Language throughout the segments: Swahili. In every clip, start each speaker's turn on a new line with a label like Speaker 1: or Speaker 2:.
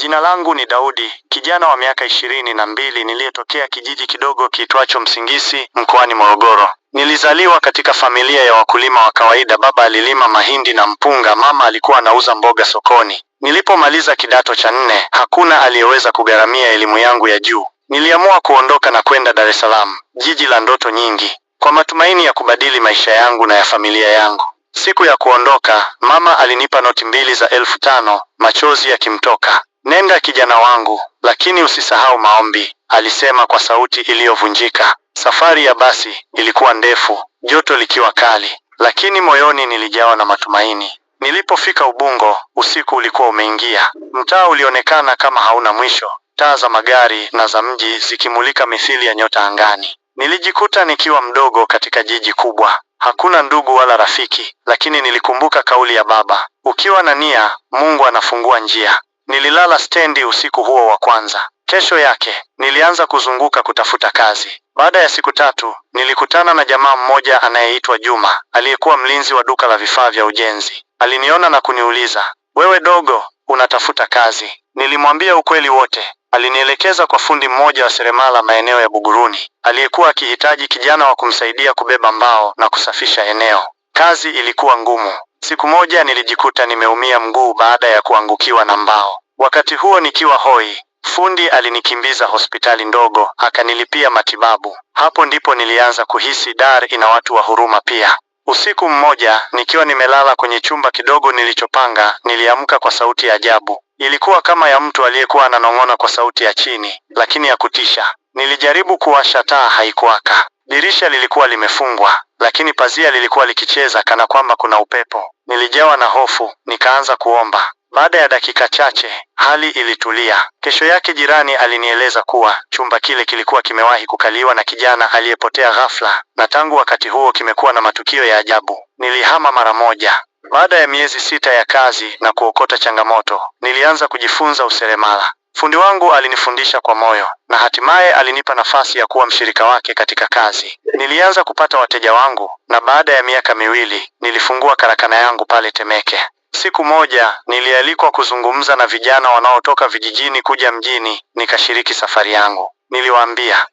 Speaker 1: Jina langu ni Daudi, kijana wa miaka ishirini na mbili niliyetokea kijiji kidogo kiitwacho Msingisi mkoani Morogoro. Nilizaliwa katika familia ya wakulima wa kawaida. Baba alilima mahindi na mpunga, mama alikuwa anauza mboga sokoni. Nilipomaliza kidato cha nne, hakuna aliyeweza kugharamia elimu yangu ya juu. Niliamua kuondoka na kwenda Dar es Salaam, jiji la ndoto nyingi, kwa matumaini ya kubadili maisha yangu na ya familia yangu. Siku ya kuondoka, mama alinipa noti mbili za elfu tano, machozi yakimtoka. Nenda kijana wangu, lakini usisahau maombi, alisema kwa sauti iliyovunjika. Safari ya basi ilikuwa ndefu, joto likiwa kali, lakini moyoni nilijawa na matumaini. Nilipofika Ubungo, usiku ulikuwa umeingia. Mtaa ulionekana kama hauna mwisho, taa za magari na za mji zikimulika mithili ya nyota angani. Nilijikuta nikiwa mdogo katika jiji kubwa. Hakuna ndugu wala rafiki, lakini nilikumbuka kauli ya baba, ukiwa na nia, Mungu anafungua njia. Nililala stendi usiku huo wa kwanza. Kesho yake nilianza kuzunguka kutafuta kazi. Baada ya siku tatu, nilikutana na jamaa mmoja anayeitwa Juma aliyekuwa mlinzi wa duka la vifaa vya ujenzi. Aliniona na kuniuliza, wewe dogo, unatafuta kazi? Nilimwambia ukweli wote. Alinielekeza kwa fundi mmoja wa seremala maeneo ya Buguruni aliyekuwa akihitaji kijana wa kumsaidia kubeba mbao na kusafisha eneo. Kazi ilikuwa ngumu. Siku moja nilijikuta nimeumia mguu baada ya kuangukiwa na mbao. Wakati huo nikiwa hoi, fundi alinikimbiza hospitali ndogo, akanilipia matibabu. Hapo ndipo nilianza kuhisi Dar ina watu wa huruma pia. Usiku mmoja nikiwa nimelala kwenye chumba kidogo nilichopanga, niliamka kwa sauti ya ajabu. Ilikuwa kama ya mtu aliyekuwa ananong'ona kwa sauti ya chini, lakini ya kutisha. Nilijaribu kuwasha taa, haikuwaka. Dirisha lilikuwa limefungwa, lakini pazia lilikuwa likicheza kana kwamba kuna upepo. Nilijawa na hofu, nikaanza kuomba. Baada ya dakika chache hali ilitulia. Kesho yake jirani alinieleza kuwa chumba kile kilikuwa kimewahi kukaliwa na kijana aliyepotea ghafla, na tangu wakati huo kimekuwa na matukio ya ajabu. Nilihama mara moja. Baada ya miezi sita ya kazi na kuokota changamoto, nilianza kujifunza useremala. Fundi wangu alinifundisha kwa moyo na hatimaye alinipa nafasi ya kuwa mshirika wake katika kazi. Nilianza kupata wateja wangu na baada ya miaka miwili nilifungua karakana yangu pale Temeke. Siku moja nilialikwa kuzungumza na vijana wanaotoka vijijini kuja mjini, nikashiriki safari yangu. Niliwaambia,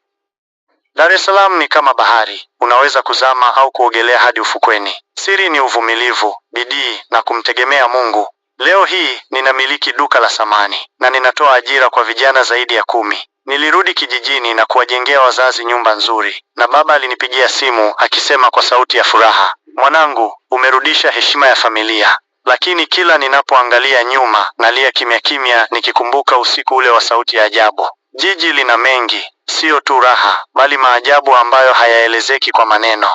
Speaker 1: Dar es Salaam ni kama bahari, unaweza kuzama au kuogelea hadi ufukweni. Siri ni uvumilivu, bidii na kumtegemea Mungu. Leo hii ninamiliki duka la samani na ninatoa ajira kwa vijana zaidi ya kumi. Nilirudi kijijini na kuwajengea wazazi nyumba nzuri, na baba alinipigia simu akisema kwa sauti ya furaha, mwanangu, umerudisha heshima ya familia lakini kila ninapoangalia nyuma nalia kimya kimya, nikikumbuka usiku ule wa sauti ya ajabu. Jiji lina mengi, siyo tu raha, bali maajabu ambayo hayaelezeki kwa maneno.